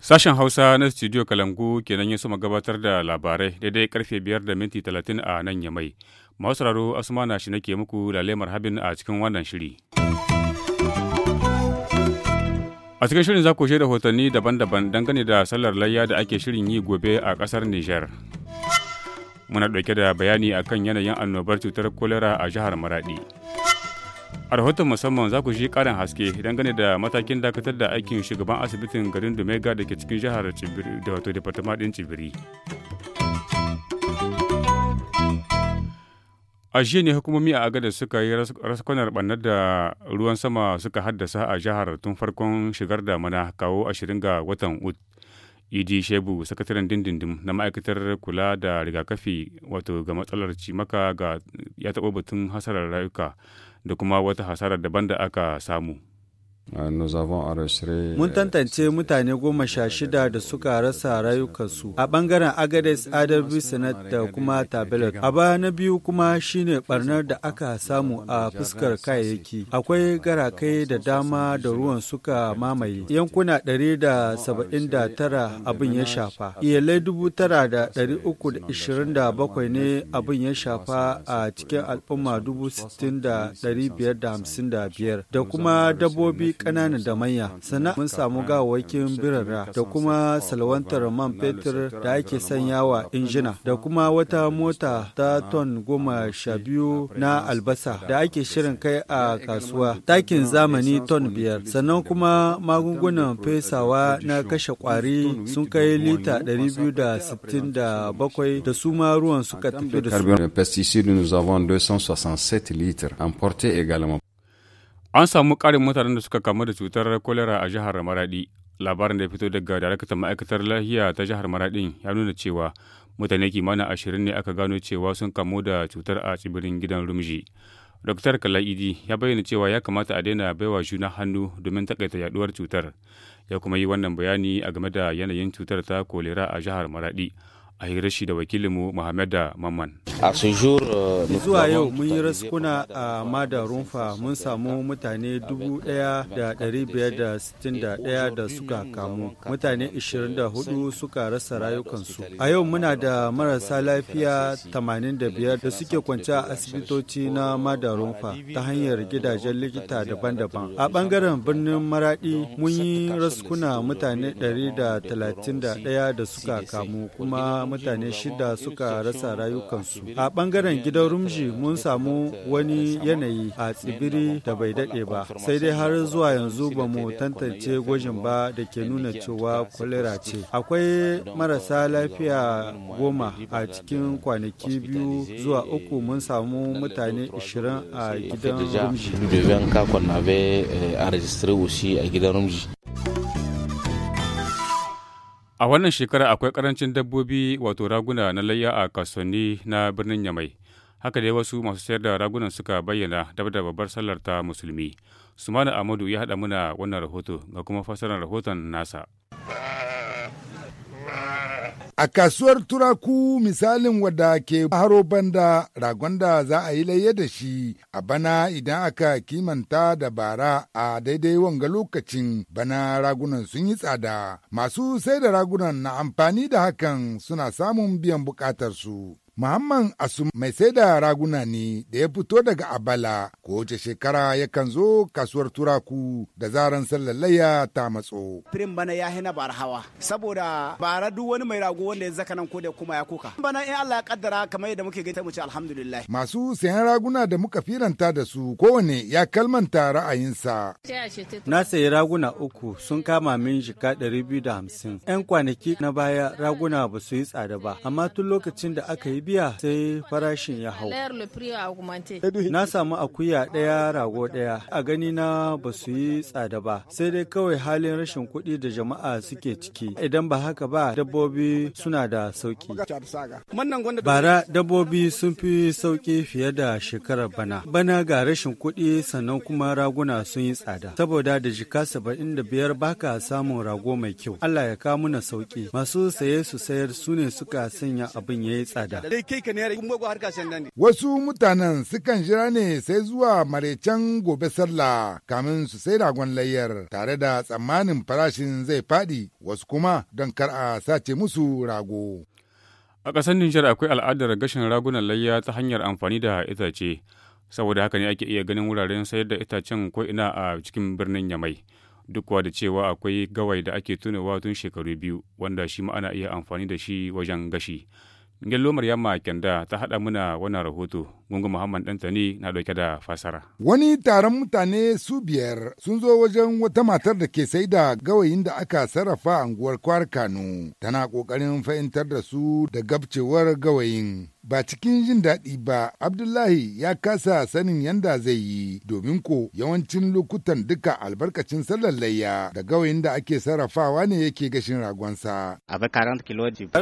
Sashen Hausa na studio Kalangu kenan ya suma gabatar da labarai daidai karfe biyar da minti talatin a nan yamai. Masu raro Asmana shi nake muku lalemar habin a cikin wannan shiri. A cikin shirin za ku da rahotanni daban-daban dangane da sallar layya da ake shirin yi gobe a ƙasar Nijar. muna ɗauke da bayani akan yanayin annobar cutar kolera a jihar maradi a rahoton musamman za ku shi ƙarin haske dangane da matakin dakatar da aikin shugaban asibitin garin dumega da ke cikin jihar cibiri da wato departama ɗin cibiri a jiya ne hukumomi a agada suka yi raskonar bannar da ruwan sama suka haddasa a jihar tun farkon shigar da mana kawo ashirin ga watan ut idi e shebu sakataren dindindin na ma'aikatar kula da rigakafi wato ga matsalar cimaka ga ya taɓa batun hasarar rayuka da kuma wata hasarar daban da aka samu Euh, Mun tantance mutane goma sha shida da suka rasa rayukansu a ɓangaren Agades Adarbi Senat da kuma Tabelot. baya na biyu kuma shine barnar da aka samu a fuskar kayayyaki. Akwai garakai da dama da ruwan suka mamaye. Yankuna ɗari abin ya shafa. Iyalai dubu tara da ne abin ya shafa a cikin al'umma dubu sittin da da kuma dabbobi ƙananan da manya sannan mun samu gawawakin birarra da kuma salwantar man fetur da ake sanyawa injina da kuma wata mota ta ton goma sha biyu na albasa da ake shirin kai a kasuwa takin zamani ton biyar sannan kuma magungunan fesawa na kashe kwari sun kai lita 267 da su ma ruwan suka tafi da su. An samu ƙarin mutanen da suka kamu da cutar kolera a jihar Maradi. Labarin da ya fito daga daraktan ma'aikatar lahiya ta jihar Maradin ya nuna cewa mutane kimanin ashirin ne aka gano cewa sun kamu da cutar a tsibirin gidan Rumji. Dr. Kala'idi ya bayyana cewa ya kamata a daina baiwa juna hannu domin takaita yaduwar cutar. Ya kuma yi wannan bayani a game da yanayin cutar ta kolera a jihar Maradi. a hira shi da wakilinmu Muhammad Mamman. A uh, Zuwa yau mun yi raskuna a Mada Rumfa mun samu mutane 1,561 da suka kamu, mutane 24 suka rasa rayukansu. A yau muna da marasa lafiya 85 da suke kwanci a asibitoci na Mada Rumfa ta hanyar gidajen likita daban-daban. A bangaren birnin Maradi mun yi raskuna mutane 131 da suka kamu kuma mutane shida suka rasa rayukansu. A bangaren gidan Rumji mun samu wani yanayi a tsibiri da bai daɗe ba, sai dai har zuwa yanzu ba mu tantance gwajin ba da ke nuna cewa kwalera ce. Akwai marasa lafiya goma a cikin kwanaki biyu zuwa uku mun samu mutane ashirin a gidan a gidan Rumji. A wannan shekara akwai karancin dabbobi wato raguna na layya a kasuwanni na birnin Yamai. Haka dai wasu masu sayar da ragunan suka bayyana dabar da babbar sallar ta musulmi. Sumana Amadu ya haɗa muna wannan rahoto ga kuma fassarar rahoton nasa. A kasuwar Turaku misalin wadda ke haro banda ragon da za a yi laye da shi a bana idan aka kimanta da bara a daidai wanga lokacin bana ragunan sun yi tsada. Masu sai da ragunan na amfani da hakan suna samun biyan bukatarsu. Muhammad Asu mai sai da raguna ne da ya fito daga Abala ko wace shekara yakan zo kasuwar Turaku da zaran sallalaya ta matso. Firin bana ya hina bar hawa saboda bara duk wani mai rago wanda ya zaka nan ko da kuma ya kuka. Bana in Allah ya kaddara kamar yadda muke gaita mu alhamdulillah. Masu sayan raguna da muka firanta da su kowane ya kalmanta ra'ayinsa. Na sayi raguna uku sun kama min jika ɗari biyu da hamsin. 'Yan kwanaki na baya raguna ba su yi tsada ba amma tun lokacin da aka yi biya sai farashin ya hau. Na samu akuya ɗaya rago ɗaya a gani na ba su yi tsada ba sai dai kawai halin rashin kuɗi da jama'a suke ciki idan ba haka ba dabbobi suna da sauki. Bara dabbobi sun fi sauki fiye da shekarar bana. Bana ga rashin kuɗi sannan kuma raguna sun yi tsada saboda da jika saba'in da biyar baka samun rago mai kyau. Allah ya kawo mana sauki masu saye su sayar su ne suka sanya abin ya yi tsada. sai kai ka kuma harka ne wasu mutanen sukan jira ne sai zuwa marecen gobe sallah kamin su sai ragon layyar tare da tsammanin farashin zai faɗi wasu kuma don kar a sace musu rago a ƙasar Nijar akwai al'adar gashin ragunan layya ta hanyar amfani da itace saboda haka ne ake iya ganin wuraren sayar da itacen ko ina a cikin birnin Yamai. duk da cewa akwai gawai da ake tunawa tun shekaru biyu wanda shi ma ana iya amfani da shi wajen gashi Gello Maryama Kenda ta haɗa muna wannan rahoto, Gungun Muhammad Dantani na ɗauke da fasara. Wani taron mutane su biyar sun zo wajen wata matar da ke sai da gawayin da aka sarrafa a unguwar Kwar tana ƙoƙarin fahimtar da su da gabcewar gawayin. ba cikin jin daɗi ba abdullahi ya kasa sanin yanda zai yi domin ko yawancin lokutan duka albarkacin sallar layya da gawayin da ake sarrafawa ne yake gashin ragonsa har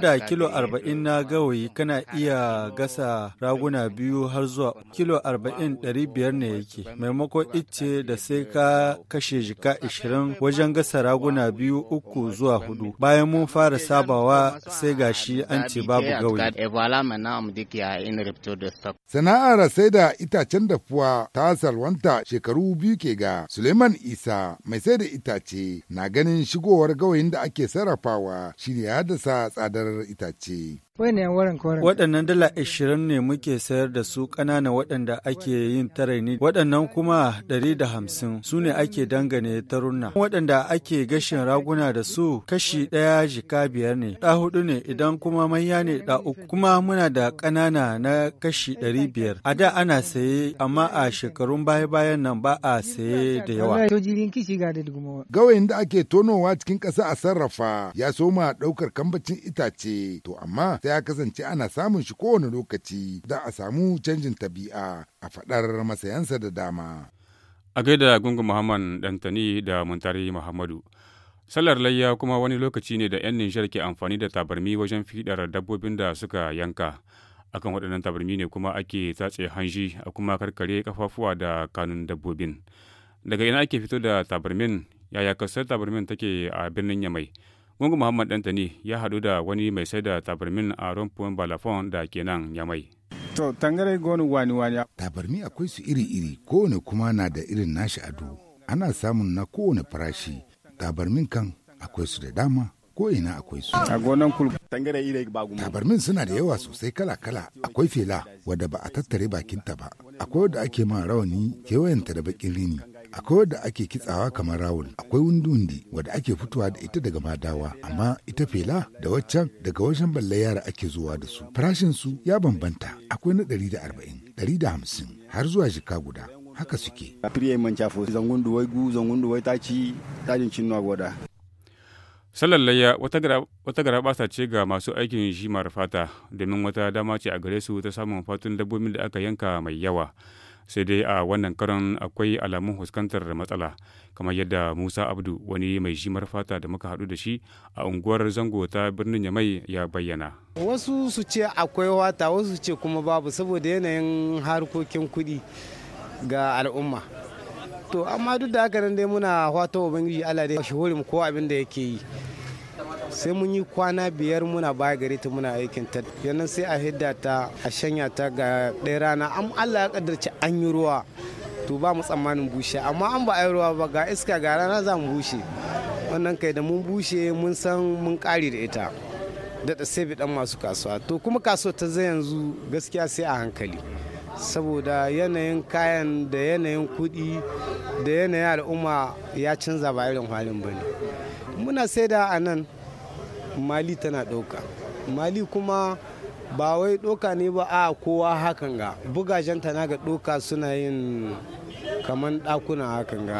da kilo arba'in na gawayi kana iya gasa raguna biyu har zuwa kilo arba'in ɗari biyar ne yake maimakon ice da sai ka kashe jika ashirin wajen gasa raguna biyu uku zuwa hudu bayan mun fara sabawa sai gashi an ce babu gawayi duk ya in ripto da stock. Sana'ar sai da itacen dafuwa ta salwanta shekaru biyu ke ga Suleiman Isa mai sai da itace na ganin shigowar gawayin da ake sarrafawa shirya ya haddasa tsadar itace. Waɗannan dala ashirin ne muke sayar da su ƙanana waɗanda ake yin taraini waɗannan kuma ɗari da hamsin su ne ake dangane tarunna. Waɗanda ake gashin raguna da su kashi ɗaya jika biyar ne, ɗa hudu ne idan kuma manya ne ɗa uku. Kuma muna da ƙanana na kashi ɗari biyar. A da ana saye amma a shekarun baya-bayan nan ba a saye da yawa. Gawayin da ake tonowa cikin ƙasa a sarrafa ya soma ɗaukar kambacin itace to amma sai ya kasance ana samun shi kowane lokaci don a samu canjin tabi'a a faɗar masayansa da dama. A gaida gungun Muhammad Dantani da Muntari Muhammadu. Sallar layya kuma wani lokaci ne da 'yan Nijar ke amfani da tabarmi wajen fiɗar dabbobin da suka yanka. Akan waɗannan tabarmi ne kuma ake tace hanji a kuma karkare kafafuwa da kanun dabbobin. Daga ina ake fito da tabarmin yaya kasar tabarmin take a birnin Yamai. Gungu Muhammad Dantani ya haɗu da wani mai sai da tabarmin a rumfin Balafon da ke nan ya mai. To, tangare gonu wani wani. Tabarmi akwai su iri-iri, kowane kuma na da irin nashi ado. Ana samun na kowane farashi. Tabarmin kan akwai su da dama. ko ina akwai su. A gonan kul. Tabarmin suna da yawa sosai kala-kala akwai fela wadda ba a tattare bakinta ba. Akwai wadda ake ma rawani kewayenta da bakin rini. akwai wadda ake kitsawa kamar rawul akwai wundi-wundi wadda ake fitowa da ita daga madawa amma ita fela da waccan daga wajen balle yara ake zuwa da su farashin su ya bambanta akwai na 140 hamsin har zuwa jika guda haka suke sallar layya wata basa ce ga masu aikin shimar fata domin wata dama ce a gare su ta samun fatun dabbobin da aka yanka mai yawa sai dai a wannan karon akwai alamun fuskantar matsala kamar yadda musa abdu wani mai shi fata da muka haɗu da shi a unguwar zango ta birnin yamai ya bayyana wasu su ce akwai wata wasu ce kuma babu saboda yanayin harkokin kuɗi ga al'umma to amma duk da haka nan dai muna fatan ubangiji allah da shi ko kowa abin da yake yi sai mun yi kwana biyar muna baya gari ta muna aikin ta yannan sai a hidda ta a shanya ta ga ɗaya rana an allah ya kaddarci an yi ruwa to ba mu tsammanin bushe amma an ba a yi ruwa ba ga iska ga rana za mu bushe wannan kai da mun bushe mun san mun kare da ita da ta sai dan masu kasuwa to kuma kasuwa ta zai yanzu gaskiya sai a hankali saboda yanayin kayan da yanayin kuɗi da yanayin al'umma ya canza ba irin halin bane muna sai da a nan mali tana ɗauka mali kuma ba wai doka ne ba a kowa hakan ga bugajen tana ga doka suna yin kaman ɗakuna hakan ga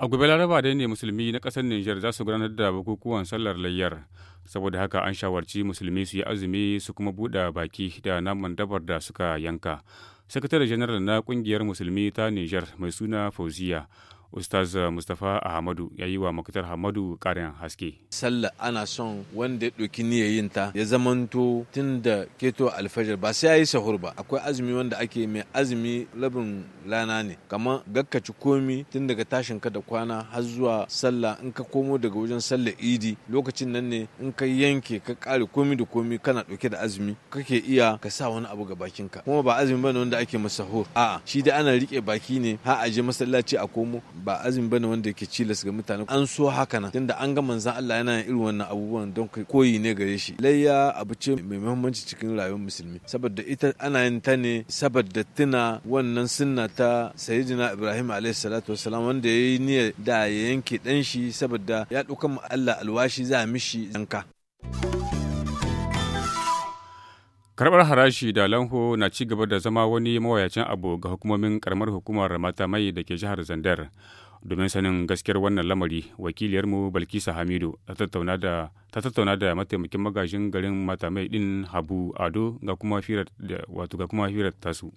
a gobe laraba dai ne musulmi na ƙasar niger za su gudanar da bukukuwan sallar layyar saboda haka an shawarci musulmi su yi azumi su kuma buɗe baki da naman dabar da suka yanka sakatare janar na ƙungiyar musulmi ta niger mai suna fauziya Ustaz eh, Mustapha Ahmadu ya yi wa Muktar Hamadu ƙarin haske. Sallah ana son wanda ya ɗauki niyyar yin ta ya zamanto tun da keto alfajar ba sai ya yi sahur ba. Akwai azumi wanda ake mai azumi labin lana ne. Kamar gakkaci komi tun daga tashin ka da kwana har zuwa sallah in ka komo daga wajen sallar idi lokacin nan ne in ka yanke ka ƙare komi da komi kana ɗauke da azumi kake iya ka sa wani abu ga bakinka. Kuma ba azumi ne wanda ake masa sahur. A'a shi da ana riƙe baki ne har a je masallaci a komo ba azumi bane wanda yake cilas ga mutane an so haka nan tunda an ga manzan Allah yana yin irin wannan abubuwan don kai koyi ne gare shi layya abu ce mai muhimmanci cikin rayuwar musulmi saboda ita ana yin ta ne saboda tuna wannan sunna ta sayyidina Ibrahim alayhi salatu wassalam wanda yayi niyyar da ya yanke dan shi saboda ya dauka Allah alwashi za mishi yanka. karbar harashi da lanho na ci gaba da zama wani mawayacin abu ga hukumomin karamar hukumar mata mai da ke jihar zandar domin sanin gaskiyar wannan lamari wakiliyarmu balkisa hamidu ta tattauna da mataimakin magajin garin mata mai din habu ado ga kuma firar wato ga kuma firar tasu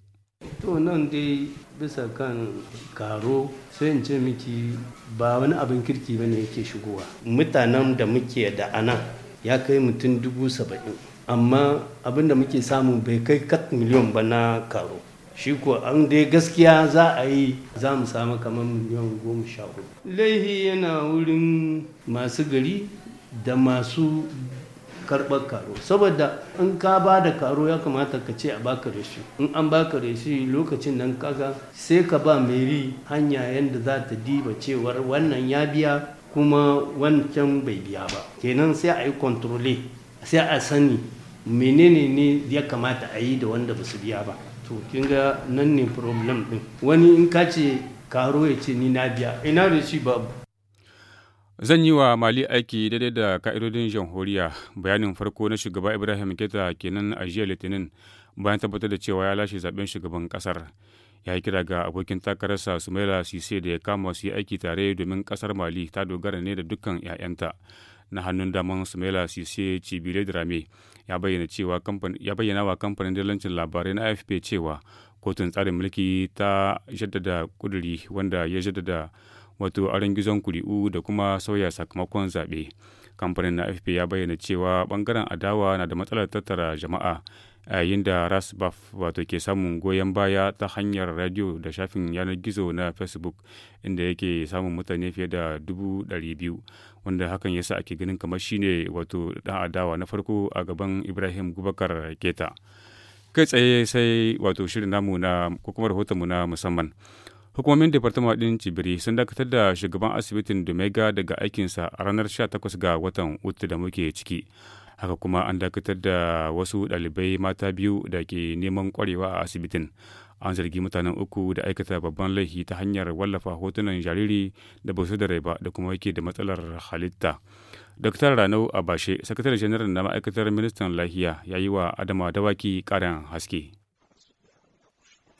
to nan dai bisa kan karo sai in ce miki ba wani abin kirki bane yake shigowa mutanen da muke da anan ya kai mutum dubu saba'in amma abin da muke samu bai kai kat miliyon ba na karo shi ko an dai gaskiya za a yi za mu samu kamar miliyon goma sha hudu laihi yana wurin masu gari da masu karɓar karo saboda in ka ba da karo ya kamata ka ce a baka reshi in an baka reshi lokacin nan kaga sai ka ba meri hanya yadda za ta diba cewar wannan ya biya kuma wancan bai biya ba kenan sai a yi kontrole sai a sani menene ne ya kamata a yi da wanda ba su biya ba to kin ga nan ne problem din wani in ka ce karo ya ce ni na biya ina da shi babu zan yi wa mali aiki daidai da ka'idodin jamhuriya bayanin farko na shugaba ibrahim keta kenan a jiya litinin bayan tabbatar da cewa ya lashe zaben shugaban kasar ya yi kira ga abokin takararsa sumaila sise da ya kama su yi aiki tare domin kasar mali ta dogara ne da dukkan 'ya'yanta na hannun daman Sumaila Sise Cibile Drame ya bayyana ya bayyana wa kamfanin dalancin labarai na AFP cewa kotun tsarin mulki ta jaddada kuduri wanda ya jaddada wato gizon kuri'u da kuma sauya sakamakon zaɓe kamfanin na fp ya bayyana cewa ɓangaren adawa na da matsalar tattara jama'a yayin da rasbaf wato ke samun goyon baya ta hanyar radio da shafin yanar gizo na facebook inda yake samun mutane fiye da dubu ɗari biyu wanda hakan ya yasa ake ganin kamar shine wato ɗan adawa na farko a gaban ibrahim gubakar keta kai tsaye sai wato shirin namu na ko kuma rahotonmu na musamman Hukumomin Departama ɗin Cibiri sun dakatar da shugaban asibitin Dumega daga aikinsa a ranar takwas ga watan Uta da muke ciki. Haka kuma an dakatar da wasu ɗalibai mata biyu da ke neman kwarewa a asibitin. An zargi mutanen uku da aikata babban laifi ta hanyar wallafa hotunan jariri da ba su da rai ba da kuma yake da matsalar halitta. Dr. Ranau Abashe, sakatare janar na ma'aikatar ministan lafiya ya yi wa Adama Dawaki ƙarin haske.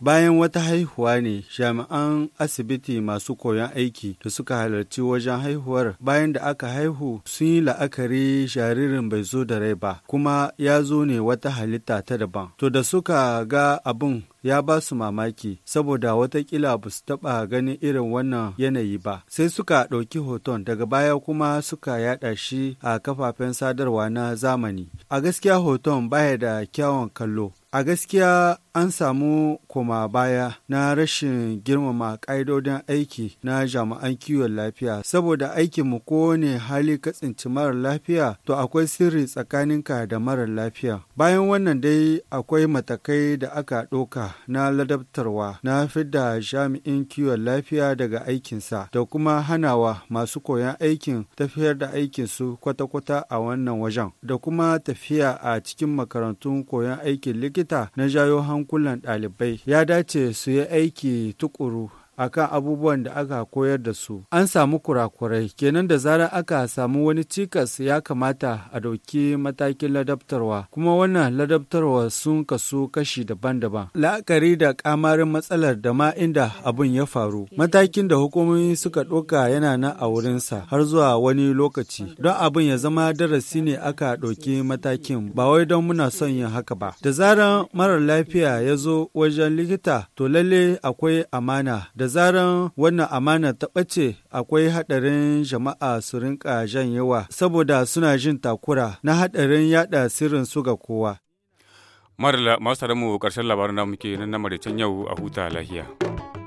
Bayan wata haihuwa ne jami'an asibiti masu koyon aiki da suka halarci wajen haihuwar bayan da aka haihu sun yi la'akari jaririn bai zo da rai ba kuma ya zo ne wata halitta ta daban. To da suka ga abun ya ba su mamaki saboda watakila ba su taɓa ganin irin wannan yanayi ba sai suka ɗauki hoton daga baya kuma suka yaɗa shi a kafafen sadarwa na zamani a gaskiya hoton baya da kyawun kallo A gaskiya an samu koma baya na rashin girmama ƙa'idodin aiki na jami'an kiwon lafiya saboda aikin aikinmu kowane hali katsinci marar lafiya to akwai sirri tsakaninka da marar lafiya. Bayan wannan dai akwai matakai da aka ɗoka na ladabtarwa na fidda jami'in kiwon lafiya daga aikinsa da kuma hanawa masu koyon aikin tafiyar da aikinsu kwata-kwata a wannan wajen da kuma tafiya a cikin makarantun koyon aikin likita likita na jayo hankulan ɗalibai ya dace su yi aiki tukuru A kan abubuwan da aka koyar da su an samu kurakurai kenan da zarar aka samu wani cikas ya kamata a ɗauki matakin ladabtarwa kuma wannan ladabtarwa sun kasu kashi daban-daban la'akari da kamarin matsalar da ma inda abun ya faru matakin da hukumomi suka ɗauka yana na a wurinsa har zuwa wani lokaci don abin ya zama darasi ne aka ɗauki matakin ba wai don muna son yin haka ba da zarar marar lafiya ya zo wajen likita to lalle akwai amana da da zaran wannan amana ta ɓace akwai haɗarin jama'a su rinka janyewa saboda suna jin takura na haɗarin yaɗa sirrin su ga kowa. Mara masu mu ƙarshen labarin da muke nan na maricin yau a huta lahiya.